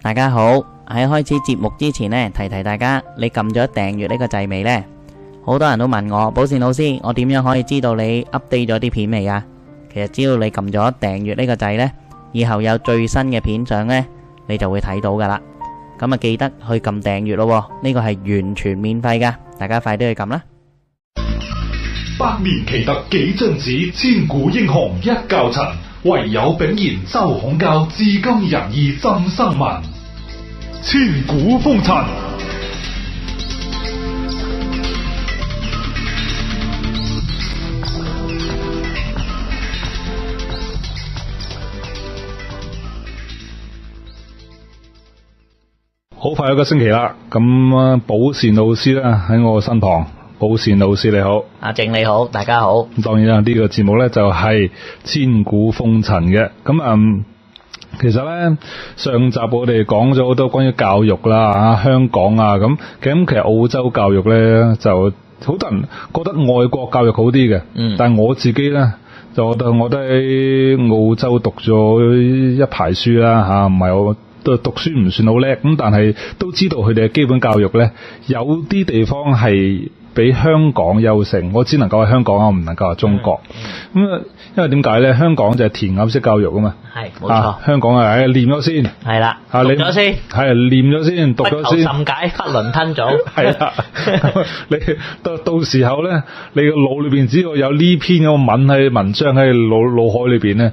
大家好，喺開始節目之前呢，提提大家，你撳咗訂閱呢個掣未呢？好多人都問我，寶善老師，我點樣可以知道你 update 咗啲片未啊？其實只要你撳咗訂閱呢個掣呢，以後有最新嘅片相呢，你就會睇到噶啦。咁啊，記得去撳訂閱咯，呢個係完全免費噶，大家快啲去撳啦！百年奇特幾張紙，千古英雄一窖塵。唯有炳然周孔教，至今仁義浸生民。千古風塵，好快一個星期啦！咁啊寶善老師咧喺我身旁。寶善老師你好，阿靜你好，大家好。當然啦，呢個節目呢就係千古風塵嘅咁啊。其實呢，上集我哋講咗好多關於教育啦，啊香港啊咁咁。其實澳洲教育呢就好多人覺得外國教育好啲嘅，嗯，但係我自己呢，就覺得我都喺澳洲讀咗一排書啦，吓唔係我都讀書唔算好叻咁，但係都知道佢哋嘅基本教育呢，有啲地方係。俾香港優勝，我只能夠係香港，我唔能夠係中國。嗯、因為點解呢？香港就係填鴨式教育㗎嘛。係，冇錯、啊、香港係係、哎、唸咗、啊、先。係啦。唸咗先。係唸咗先，讀咗先。不求甚解，囫 圇吞棗。係啦。 你到時候呢，你個腦裏面只要有呢篇咁嘅文喺文章喺腦海裏面呢。咧。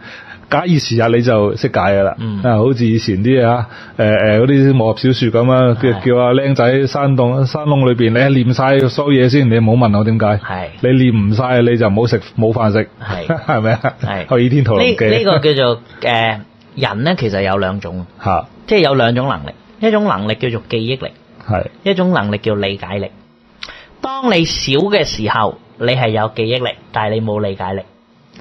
假以時日你就識解嘅啦。嗯，好似以前啲啊，誒嗰啲武俠小說咁啊，叫叫啊僆仔山洞山窿裏面你念晒所有嘢先，你唔好問我點解，你念唔晒你就唔好食冇飯食，係咪啊？ 《倚天屠龍記》呢，這個叫做誒、呃、人咧，其實有兩種，即係有兩種能力，一種能力叫做記憶力，一種能力叫做理解力。當你小嘅時候，你係有記憶力，但係你冇理解力。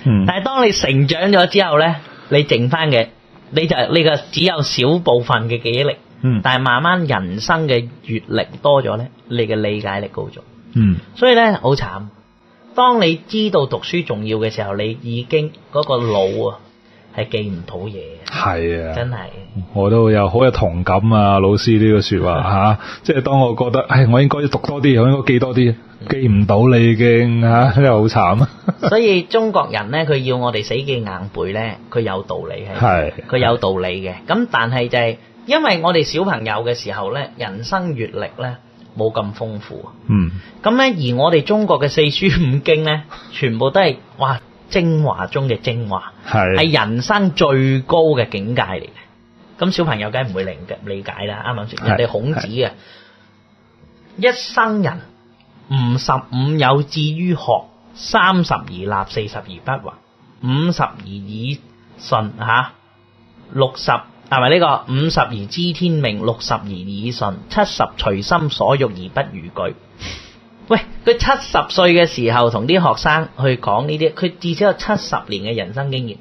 但係當你成長咗之後咧，你剩翻嘅你就係呢個只有小部分嘅記憶力。嗯。但係慢慢人生嘅閱歷多咗咧，你嘅理解力高咗。嗯。所以咧好慘，當你知道讀書重要嘅時候，你已經嗰個腦啊係記唔到嘢。係啊。真係。我都有好有同感啊，老師呢個說話吓、 啊，即係當我覺得，唉、哎，我應該要讀多啲，我應該記多啲。記唔到你已經吓，真係好慘啊！所以中國人咧，佢要我哋死記硬背咧，佢有道理係，佢有道理嘅。咁但係就係，因為我哋小朋友嘅時候咧，人生閱歷咧冇咁豐富啊。嗯。咁咧，而我哋中國嘅四書五經咧，全部都係哇精華中嘅精華，係係人生最高嘅境界嚟嘅。咁小朋友梗係唔會靈，理解啦，啱唔啱先？人哋孔子啊，一生人。五十五有志於學，三十而立，四十而不惑，五十而以順吓、啊，六十係咪呢個？五十而知天命，六十而以順，七十隨心所欲而不逾矩。喂，佢七十歲嘅時候同啲學生去講呢啲，佢至少有七十年嘅人生經驗，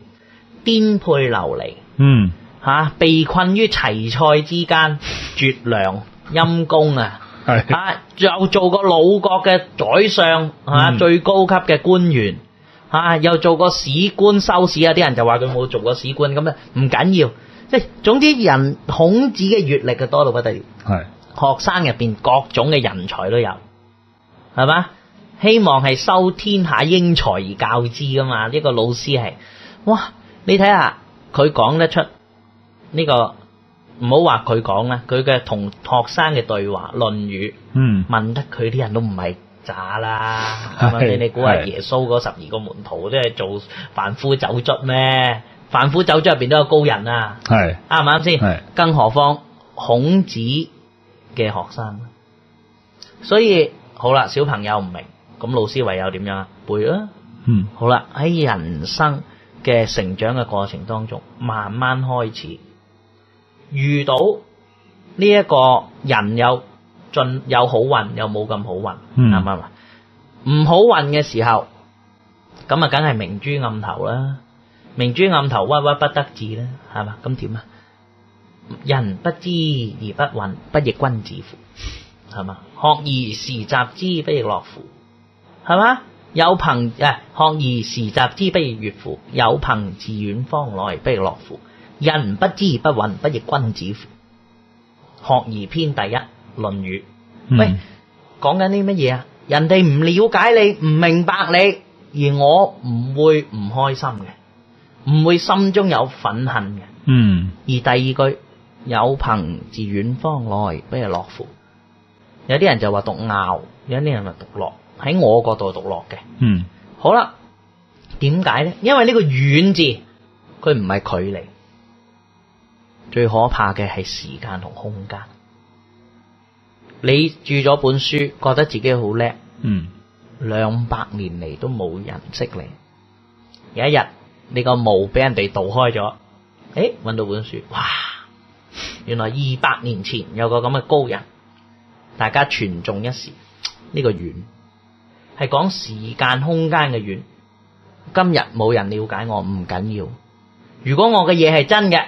顛沛流離，嗯吓、啊，被困於陳蔡之間，絕糧陰功啊！係 啊，又做個魯國嘅宰相，吓、啊、最高級嘅官員，吓、啊、又做個史官，官，收史啊！啲人就話佢冇做過史官，咁咧唔緊要，即總之人孔子嘅閱歷嘅多到不得了，係 學生入邊各種嘅人才都有，係嘛？希望係收天下英才而教之噶嘛？呢、這個老師係哇？你睇下佢講得出呢、這個。唔好話佢講啦，佢嘅同學生嘅對話《論語》嗯，問得佢啲人都唔係渣啦，係咪？你估下耶穌嗰十二個門徒都係做凡夫走卒咩？凡夫走卒入邊都有高人啊，係啱唔啱先？更何況孔子嘅學生，所以好啦，小朋友唔明，咁老師唯有點樣啊？背啦，嗯，好啦，喺人生嘅成長嘅過程當中，慢慢開始。遇到呢一個人又盡有好運又冇咁好運，啱唔啱啊？唔好運嘅時候，咁啊梗係明珠暗投啦，明珠暗投，屈屈不得志啦，係嘛？咁點啊？人不知而不愠，不亦君子乎？係嘛？學而時習之，不亦樂乎？係嘛？有朋、啊、學而時習之，不亦樂乎？有朋自遠方來，不亦樂乎？人不知而不慍，不亦君子乎？學而篇第一，《論語》。嗯。喂，講緊啲乜嘢啊？人哋唔了解你，唔明白你，而我唔會唔開心嘅，唔會心中有憤恨嘅。嗯。而第二句有朋自遠方來，不亦樂乎？有啲人就話讀拗，有啲人咪讀樂。喺我角度讀樂嘅。嗯。好啦，點解呢？因為呢個遠字，佢唔係距離。最可怕嘅係時間同空間。你著咗本書，覺得自己好叻。嗯。兩百年嚟都冇人識你。有一日，你個墓俾人哋盜開咗，誒、哎，搵到本書，哇！原來二百年前有個咁嘅高人，大家傳頌一時。呢、這個遠係講時間空間嘅遠。今日冇人了解我唔緊要，如果我嘅嘢係真嘅。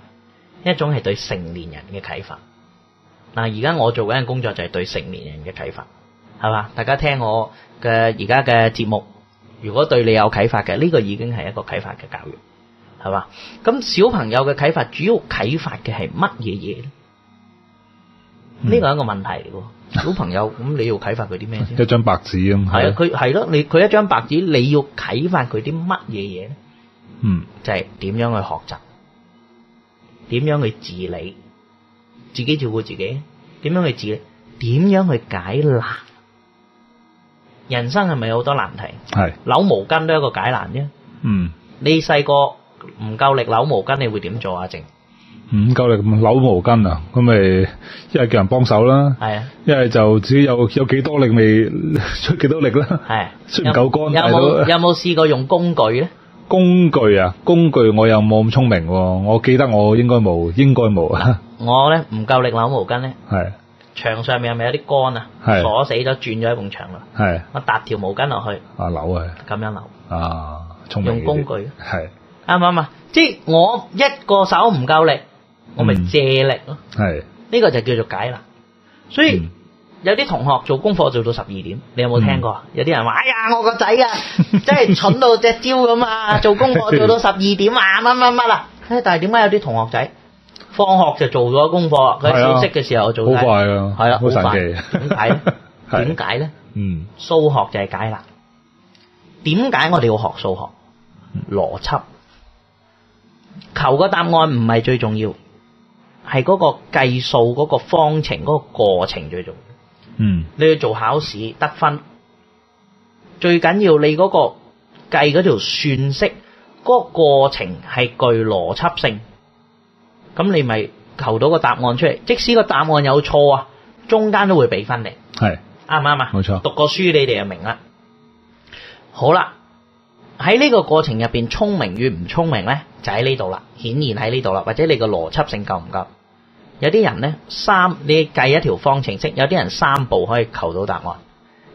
一種係對成年人嘅啟發，嗱，而家我做緊嘅工作就係對成年人嘅啟發，係嘛？大家聽我嘅而家嘅節目，如果對你有啟發嘅，呢個已經係一個啟發嘅教育，係嘛？咁小朋友嘅啟發，主要啟發嘅係乜嘢嘢咧？呢、嗯、個係一個問題。小朋友咁你要啟發佢啲咩先？一張白紙咁。係啊，佢係咯，你佢一張白紙，你要啟發佢啲乜嘢嘢咧？嗯，就係點樣去學習。點樣去治理？自己照顧自己？點樣去治理？點樣去解難？人生係咪有好多難題？係。扭毛巾都係一個解難啫。嗯。你細個唔夠力扭毛巾，你會點做啊？靜？唔夠力咁扭毛巾啊？咁咪一係叫人幫手啦。係啊。一係就只有有有幾多力咪出幾多力啦。係。出唔夠乾有冇有冇試過用工具咧？工具啊，工具我又冇咁聰明，我記得我應該冇，應該冇啊。我咧唔夠力扭毛巾咧，係牆上面係咪有啲杆啊？鎖死咗，轉咗喺埲牆啦。係我搭條毛巾落去，啊扭啊，咁樣扭啊，用工具啊係啱唔啱啊？即係我一個手唔夠力，我咪借力咯。係呢個就叫做解難啦，所以。有啲同學做功課做到十二點，你有冇聽過？嗯、有啲人話：哎呀，我個仔啊， 真係蠢到隻蕉咁啊！做功課做到十二點啊，乜乜乜啦！但係點解有啲同學仔放學就做咗功課？佢小息嘅時候我做嘅。係啊，好快啊，好神奇。點解？點解呢， 呢？嗯，數學就係解難。點解我哋要學數學？邏輯求個答案唔係最重要，係嗰個計數、嗰個方程、嗰個過程最重要。嗯，你去做考試得分，最緊要你嗰、那個計嗰條算式嗰、那個過程係具邏輯性，咁你咪求到個答案出嚟。即使個答案有錯啊，中間都會俾翻你。係，啱唔啱啊？冇錯，讀過書你哋就明啦。好啦，喺呢個過程入邊，聰明與唔聰明咧，就喺呢度啦。顯然喺呢度啦，或者你個邏輯性夠唔夠？有啲人呢，三，你計一條方程式，有啲人三步可以求到答案，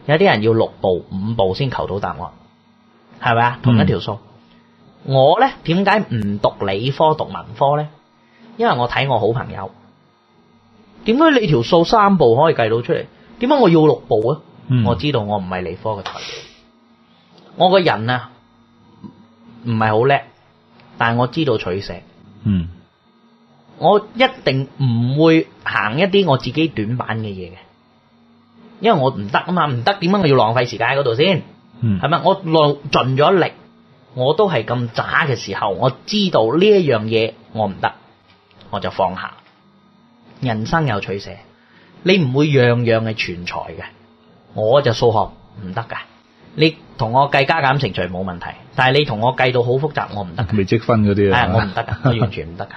有啲人要六步、五步先求到答案，係咪啊？同一條數，嗯、我呢點解唔讀理科讀文科呢？因為我睇我好朋友，點解你條數三步可以計到出嚟？點解我要六步啊？嗯、我知道我唔係理科嘅材料，我個人啊唔係好叻，但係我知道取捨。嗯。我一定唔會行一啲我自己短板嘅嘢嘅，因為我唔得啊嘛，唔得，點解我要浪費時間喺嗰度先，係、嗯、咪？我盡盡咗力，我都係咁渣嘅時候，我知道呢一樣嘢我唔得，我就放下。人生有取捨，你唔會樣樣係全才嘅。我就數學唔得噶，你同我計加減乘除冇問題，但係你同我計到好複雜，我唔得。微積分嗰啲啊，我唔得噶，我完全唔得噶。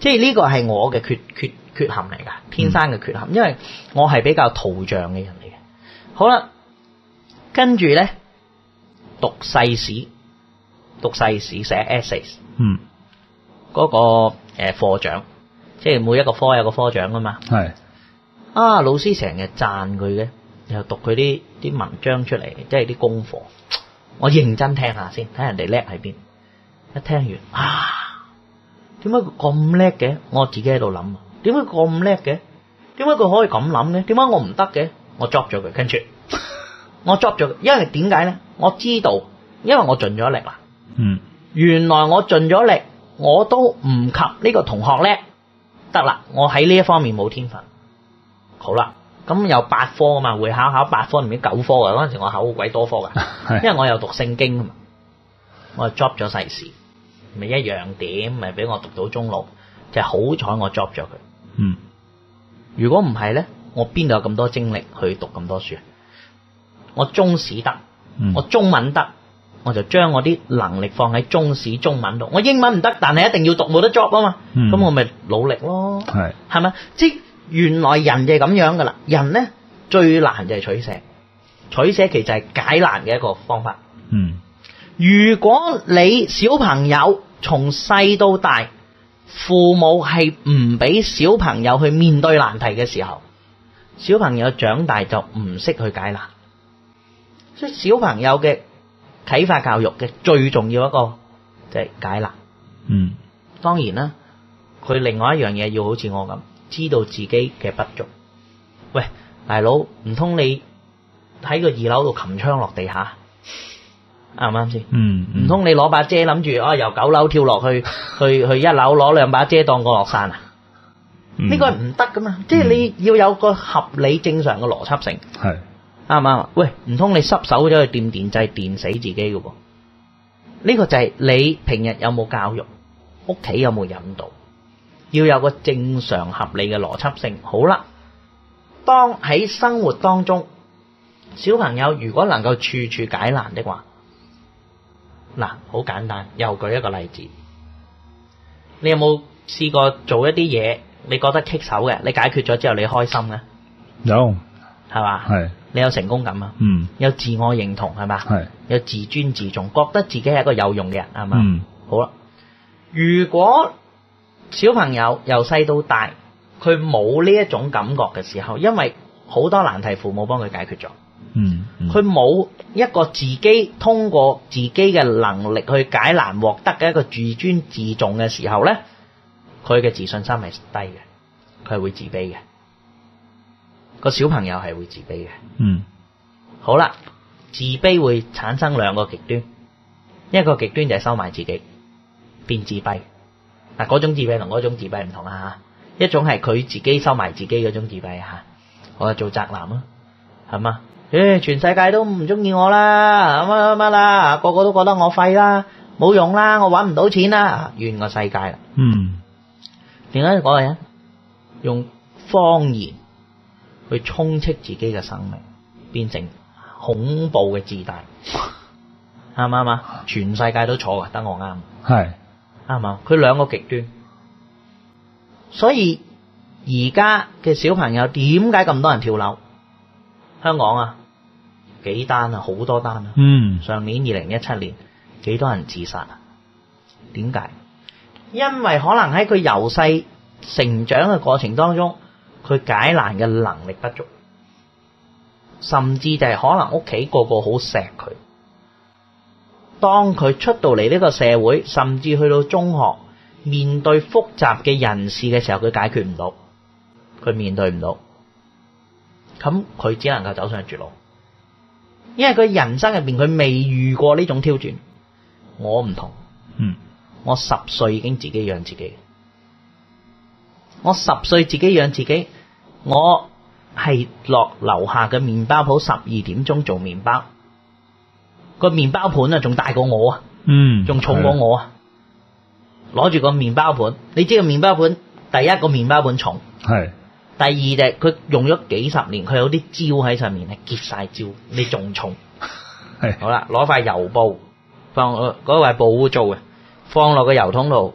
即係呢個係我嘅缺缺缺陷嚟噶，天生嘅缺陷。因為我係比較圖像嘅人嚟嘅。好啦，跟住咧讀世史，讀世史寫 essay。嗯。嗰個誒科長，即係每一個科有個科長㗎嘛、啊。係。啊，老師成日讚佢嘅，又讀佢啲啲文章出嚟，即係啲功課。我認真聽下先，睇人哋叻喺邊。一聽完啊！點解佢咁叻嘅？我自己喺度諗，點解佢咁叻嘅？點解佢可以咁諗咧？點解我唔得嘅？我 drop 咗佢，跟住我 drop 咗佢，因為點解咧？我知道，因為我盡咗力啦。嗯，原來我盡咗力，我都唔及呢個同學叻。得啦，我喺呢一方面冇天分。好啦，咁有八科啊嘛，會考考八科，唔知九科嘅嗰陣時，我考好鬼多科噶因為我又讀聖經啊嘛，我 drop 咗世事。咪一樣點，咪俾我讀到中六，就係好彩我 job 咗佢。嗯，如果唔係咧，我邊度有咁多精力去讀咁多書？我中史得、嗯，我中文得，我就將我啲能力放喺中史中文度。我英文唔得，但係一定要讀，冇得 job 啊嘛。咁、嗯、我咪努力咯。係，係咪？即原來人就係咁樣噶啦。人咧最難就係取捨，取捨其實係解難嘅一個方法。嗯。如果你小朋友從細到大，父母係唔俾小朋友去面對難題嘅時候，小朋友長大就唔識去解難。所以小朋友嘅啟發教育嘅最重要一個就係解難。嗯，當然啦，佢另外一,一樣嘢要好似我咁，知道自己嘅不足。喂，大佬，唔通你喺個二樓度擒窗落地下？啱唔啱先？嗯、嗯、唔通你攞把遮諗住啊，由九樓跳落去，去去一樓攞兩把遮當、嗯、降落傘啊？呢個係唔得噶嘛，嗯、即係你要有個合理正常嘅邏輯性。係啱唔啱？喂，唔通你濕手咗去掂電掣，電死自己㗎喎？呢、呢個就係你平日有冇教育，屋企有冇引導，要有個正常合理嘅邏輯性。好啦，當喺生活當中，小朋友如果能夠處處解難的話。嗱，好簡單，又舉一個例子。你有冇試過做一啲嘢，你覺得棘手嘅，你解決咗之後，你開心咧？有、no，係嘛？係。你有成功感啊？嗯。有自我認同係嘛？係。有自尊自重，覺得自己係一個有用嘅人係嘛？嗯。好啦，如果小朋友由細到大，佢冇呢一種感覺嘅時候，因為好多難題父母幫佢解決咗。嗯，佢、嗯、冇一個自己通過自己嘅能力去解難獲得嘅一個自尊自重嘅時候呢，佢嘅自信心係低嘅，佢係會自卑嘅，個小朋友係會自卑嘅。嗯，好啦，自卑會產生兩個極端，一個極端就係收埋自己變自閉，嗱，嗰種自閉同嗰種自閉唔同啊吓，一種係佢自己收埋自己嗰種自閉吓，我做宅男咯，係嘛？全世界都唔中意我啦，乜乜乜啦，個個都覺得我廢啦，冇用啦，我搵唔到錢啦，怨個世界啦。嗯，點解要講嘅？用謊言去充斥自己嘅生命，變成恐怖嘅自大，啱唔啱啊？全世界都錯噶，得我啱。係啱唔啱？佢兩個極端，所以而家嘅小朋友點解咁多人跳樓？香港啊，幾單啊，好多單啊！上年二零一七年，幾多人自殺啊？點解？因為可能喺佢由細成長嘅過程當中，佢解難嘅能力不足，甚至就係可能屋企個個好錫佢。當佢出到嚟呢個社會，甚至去到中學，面對複雜嘅人事嘅時候，佢解決唔到，佢面對唔到。咁佢只能夠走上絕路，因為佢人生入邊佢未遇過呢種挑戰。我唔同，嗯，我十歲已經自己養自己。我十歲自己養自己，我係落樓下嘅麵包鋪十二點鐘做麵包，個麵包盤啊仲大過我啊，嗯，仲重過我啊，攞住個麵包盤，你知個麵包盤第一個麵包盤重係。第二就係佢用咗幾十年，佢有啲焦喺上面，係結晒焦，你仲重係好啦，攞塊油布，放嗰塊、呃嗰個、布污糟嘅，放落個油桶度，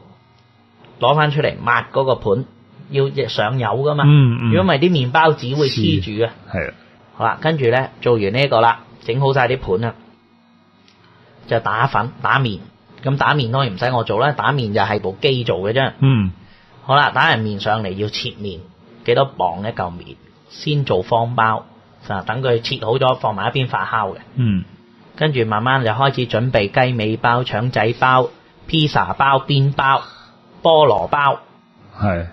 攞翻出嚟抹嗰個盤，要上油噶嘛。嗯嗯。如果唔係啲麵包紙會黐住嘅。係啊。好啦，跟住咧做完呢個啦，整好晒啲盤啦，就打粉打麵，咁打麵當然唔使我做啦，打麵就係部機做嘅啫。嗯。好啦，打完麵上嚟要切麵。幾多磅一嚿麵？先做方包，等佢切好咗，放埋一邊發酵嘅。嗯，跟住慢慢就開始準備雞尾包、腸仔包、披薩包、邊包、菠蘿包，係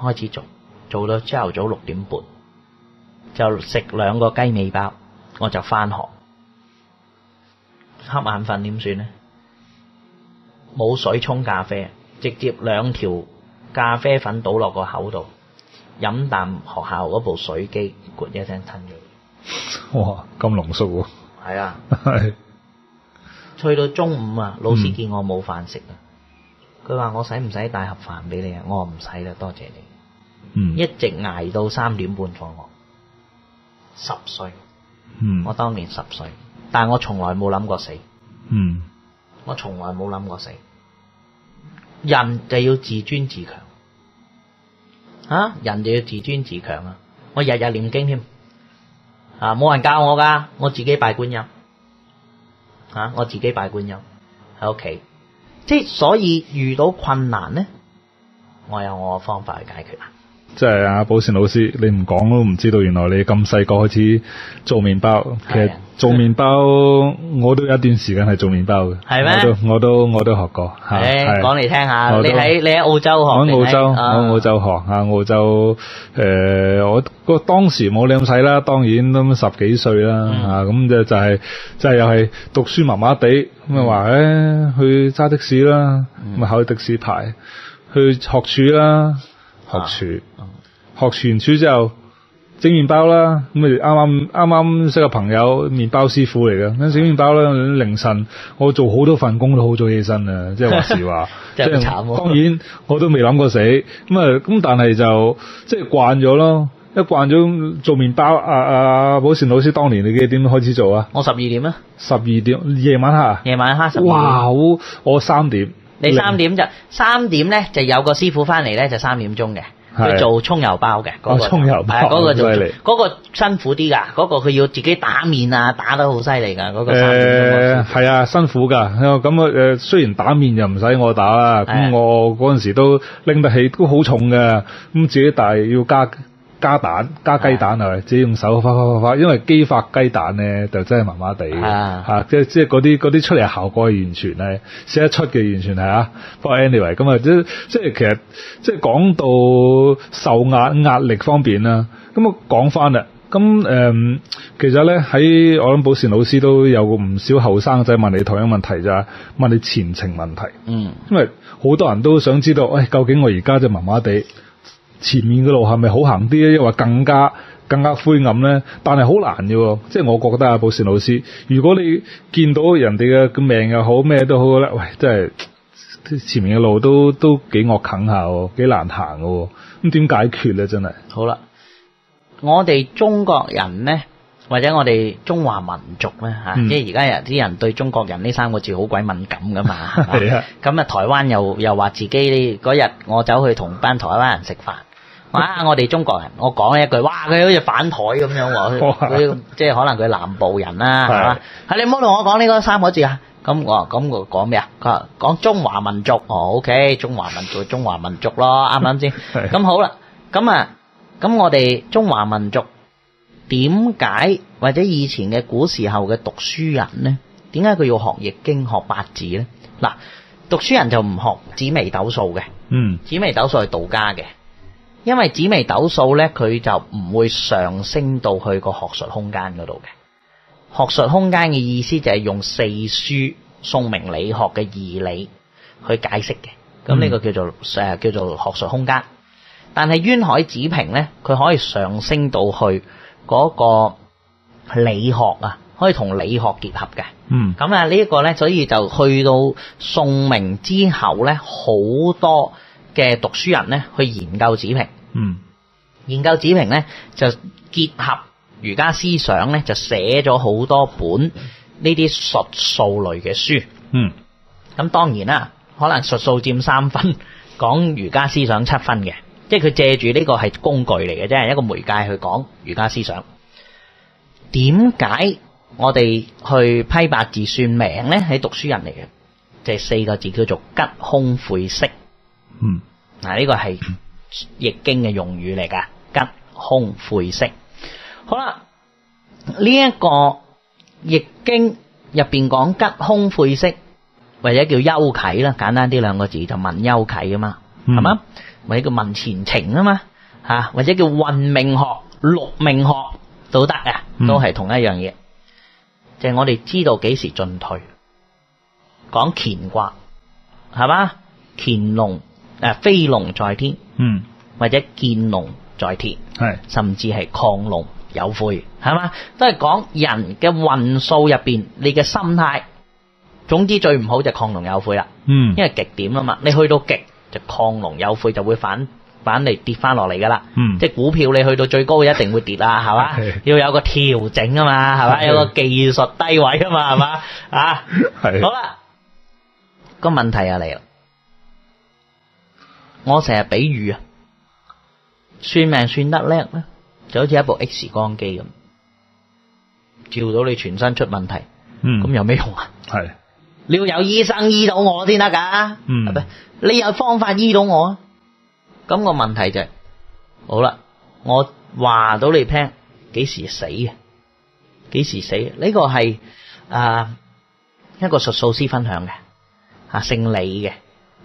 開始做，做到朝頭早六點半就食兩個雞尾包，我就翻學。黑眼瞓點算呢？冇水沖咖啡，直接兩條咖啡粉倒落個口度。飲啖學校嗰部水機，咕一聲吞咗。哇，咁濃縮喎！係啊，係 。去到中午啊，老師見我冇飯食啊，佢、嗯、話我使唔使帶盒飯俾你啊？我話唔使啦，多謝,謝你。嗯。一直挨到三點半放學，十歲。嗯。我當年十歲，但我從來冇諗過死。嗯。我從來冇諗過死。人就要自尊自強。人哋要自尊自強啊！我日日念經添啊！冇人教我㗎，我自己拜觀音啊！我自己拜觀音喺屋企，即係所以遇到困難呢，我有我嘅方法去解決啊！即係阿寶善老師，你唔講都唔知道，原來你咁細個開始做麵包，啊。其實做麵包我都有一段時間係做麵包嘅。係咩？我都我都我都學過。講嚟聽下。你喺你喺澳洲學？喺澳洲，喺澳、啊、澳洲學澳洲誒、呃，我嗰當時冇你咁細啦，當然都十幾歲啦。吓、嗯、咁、啊、就是、就係，即係又係讀書麻麻地咁啊！話誒、嗯，去揸的士啦，咪、嗯、考的士牌，去學廚啦。學廚，學完廚之後整麵包啦，咁咪啱啱啱啱識個朋友麵包師傅嚟嘅，跟住整麵包咧，凌晨，我做好多份工都好早起身 啊，即係話時話，即係咁慘當然我都未諗過死，咁啊咁但係就即係慣咗咯，一慣咗做麵包，阿阿寶善老師當年你幾點開始做啊？我十二點啊，十二點夜晚黑，夜晚黑哇，好我三點，你三點就三點咧，就有個師傅翻嚟咧，就三點鐘嘅。去、啊、做蔥油包嘅，蔥、啊嗰個啊、油包，啊嗰個就，嗰個辛苦啲噶，嗰個佢要自己打麵啊，打得好犀利噶，個、呃。誒，係、呃、啊，辛苦噶，咁啊，誒，雖然打麵又唔使我打啦，咁、啊、我嗰陣時都拎得起，都好重嘅，咁自己但係要加。加蛋加雞蛋係咪？自己用手發發發發，因為機發雞蛋咧就真係麻麻地，即係即係嗰啲嗰啲出嚟效果係完全咧寫得出嘅，完全係啊。But anyway，咁啊即即係其實即係講到受壓壓力方面啦，咁啊講翻啦。咁其實咧喺我諗，寶善老師都有唔少後生仔問你同樣問題，就係問你前程問題。嗯，因為好多人都想知道，喂、哎、究竟我而家就麻麻地。前面嘅路係咪好行啲咧？又話更加更加灰暗咧，但係好難嘅喎。即係我覺得阿寶善老師，如果你見到人哋嘅命又好，咩都好咧，喂，真係前面嘅路都都幾惡啃下，幾難行嘅。咁點解決咧？真係好啦。我哋中國人咧，或者我哋中華民族咧嚇，即係而家有啲人對中國人呢三個字好鬼敏感㗎嘛。係 啊。咁啊，台灣又又話自己嗰日我走去同班台灣人食飯。哇！我哋中國人，我講一句，哇！佢好似反台咁樣喎，佢即係可能佢南部人啦，係嘛？係你唔好同我講呢個三個字啊！咁我咁我講咩啊？佢講中華民族，哦，OK，中華民族，中華民族咯，啱唔啱先？咁好啦，咁啊，咁我哋中華民族點解或者以前嘅古時候嘅讀書人呢，點解佢要學易經、學八字呢？嗱，讀書人就唔學紫微斗數嘅，嗯，紫微斗數係道家嘅。因為紫微斗數咧，佢就唔會上升到去個學術空間嗰度嘅。學術空間嘅意思就係用四書、宋明理學嘅義理去解釋嘅，咁呢個叫做誒，叫做學術空間。但係淵海子平咧，佢可以上升到去嗰個理學啊，可以同理學結合嘅。嗯，咁啊呢一個咧，所以就去到宋明之後咧，好多嘅讀書人咧去研究子平。嗯，研究子平咧就結合儒家思想咧就寫咗好多本呢啲術數類嘅書，嗯，咁當然啦，可能術數佔三分，講儒家思想七分嘅，即係佢借住呢個係工具嚟嘅啫，一個媒介去講儒家思想。點解我哋去批八字算命咧？係讀書人嚟嘅，即係四個字叫做吉凶悔色，嗯，嗱呢個係。易經嘅用語嚟㗎，吉凶悔吝，好啦，呢、這、一個易經入邊講吉凶悔吝，或者叫休咎啦，簡單啲兩個字就問休咎啊嘛，係、嗯、嘛？或者叫問前程啊嘛，吓或者叫運命學、六命學都得啊，都係同一樣嘢、嗯，就係、是、我哋知道幾時進退，講乾卦係嘛？潛龍誒、呃，飛龍在天。嗯，或者見龍在天，係甚至係亢龍有悔，係嘛，都係講人嘅運數入邊，你嘅心態，總之最唔好就亢龍有悔啦。嗯，因為極點啊嘛，你去到極就亢龍有悔，就會反反嚟跌翻落嚟噶啦。嗯，即係股票你去到最高，一定會跌啦，係嘛，要有個調整啊嘛，係嘛，有個技術低位啊嘛，係嘛，啊，係好啦，個問題就嚟啦。我成日比喻啊，算命算得叻咧，就好似一部 X 光機咁，照到你全身出問題，咁有咩用啊？係你要有醫生醫到我先得噶，係咪？你有方法醫到我，咁個問題就係，好啦，我話到你聽，幾時死嘅？幾時死？呢個係啊一個術數師分享嘅，啊姓李嘅，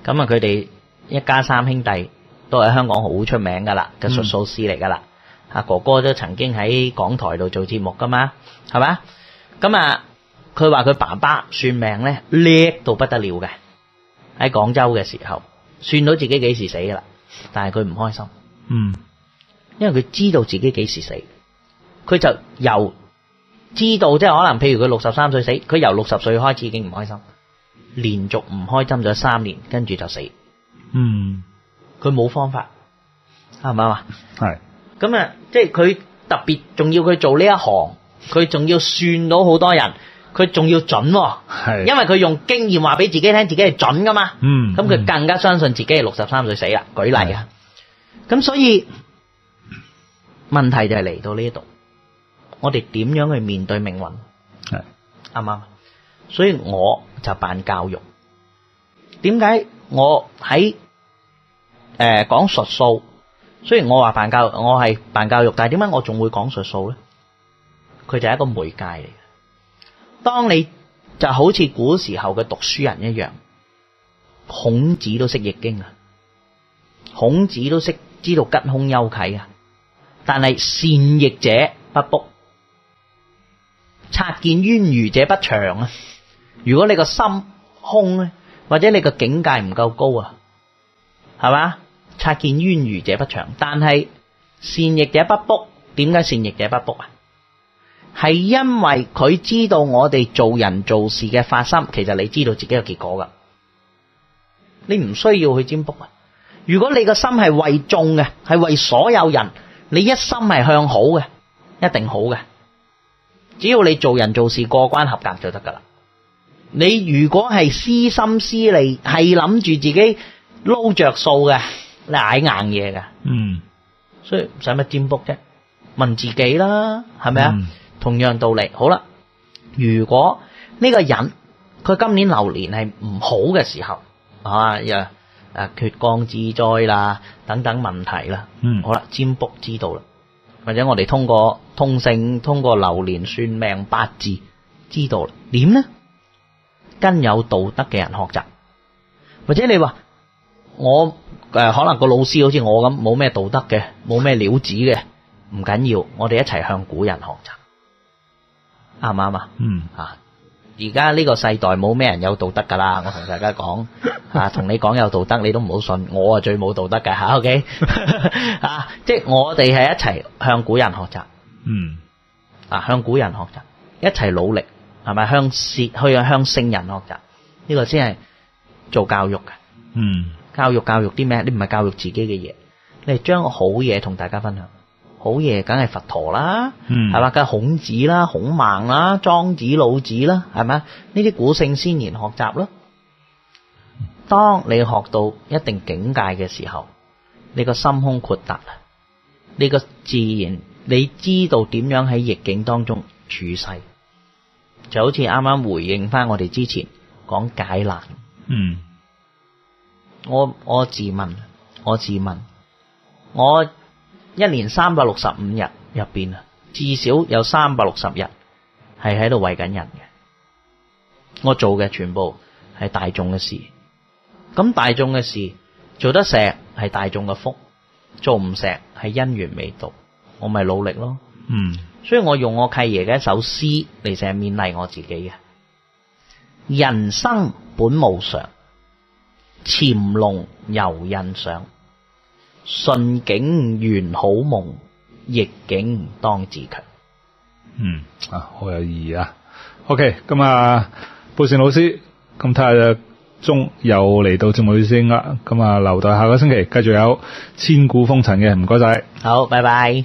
咁啊佢哋。一家三兄弟都係香港好出名噶啦、嗯，嘅術數師嚟噶啦。啊哥哥都曾經喺港台度做節目噶嘛，係嘛？咁啊，佢話佢爸爸算命咧叻到不得了嘅。喺廣州嘅時候，算到自己幾時死噶啦，但係佢唔開心，嗯，因為佢知道自己幾時死，佢就由知道即係可能譬如佢六十三歲死，佢由六十歲開始已經唔開心，連續唔開心咗三年，跟住就死。嗯，佢冇方法，啱唔啱啊？係咁啊，即係佢特別仲要佢做呢一行，佢仲要算到好多人，佢仲要準喎，係，因為佢用經驗話俾自己聽，自己係準噶嘛。嗯，咁佢更加相信自己係六十三歲死啦。舉例啊，咁所以問題就係嚟到呢一度，我哋點樣去面對命運？係啱唔啱？所以我就辦教育，點解？我喺，誒、呃、講術數，雖然我話辦教育，我係辦教育，但係點解我仲會講術數咧？佢就係一個媒介嚟。當你就好似古時候嘅讀書人一樣，孔子都識易經啊，孔子都識知道吉凶休咎啊，但係善易者不卜，察見淵魚者不祥啊。如果你個心空咧。或者你個境界唔夠高啊，係嘛？察見淵魚者不祥，但係善易者不卜，點解善易者不卜啊？係因為佢知道我哋做人做事嘅發心，其實你知道自己嘅結果噶，你唔需要去占卜啊。如果你個心係為眾嘅，係為所有人，你一心係向好嘅，一定好嘅。只要你做人做事過關合格就得噶啦。你如果係私心私利，係諗住自己撈着數嘅，你捱硬嘢嘅，嗯，所以使乜占卜啫？問自己啦，係咪啊？同樣道理，好啦，如果呢個人佢今年流年係唔好嘅時候，啊，又誒血光之災啦，等等問題啦，嗯，好啦，占卜知道啦，或者我哋通過通勝，通過流年算命八字知道啦，點呢？跟有道德嘅人學習，或者你話我誒、呃，可能個老師好似我咁，冇咩道德嘅，冇咩料子嘅，唔緊要，我哋一齊向古人學習，啱唔啱啊？嗯，啊，而家呢個世代冇咩人有道德噶啦，我同大家講，啊，同你講有道德你都唔好信，我啊最冇道德嘅吓，OK，啊，即係我哋係一齊向古人學習，嗯，啊，向古人學習，一齊努力。係咪向聖去向聖人學習？呢個先係做教育嘅。嗯，教育教育啲咩？你唔係教育自己嘅嘢，你係將好嘢同大家分享。好嘢梗係佛陀啦，係、嗯、嘛？梗係孔子啦、孔孟啦、莊子、老子啦，係咪？呢啲古聖先賢學習咯。當你學到一定境界嘅時候，你個心胸豁達啊！你個自然，你知道點樣喺逆境當中處世。就好似啱啱回應翻我哋之前講解難。嗯，我我自問，我自問，我一年三百六十五日入邊啊，至少有三百六十日係喺度為緊人嘅。我做嘅全部係大眾嘅事，咁大眾嘅事做得成係大眾嘅福，做唔成係因緣未到，我咪努力咯。嗯。所以我用我契爺嘅一首詩嚟，成日勉勵我自己嘅。人生本無常，潛龍游印上，順境圓好夢，逆境當自強。嗯啊，好有意義啊。OK，咁啊，寶善老師，咁睇下鐘又嚟到節目主持人啦。咁啊，留待下個星期繼續有千古風塵嘅，唔該晒。好，拜拜。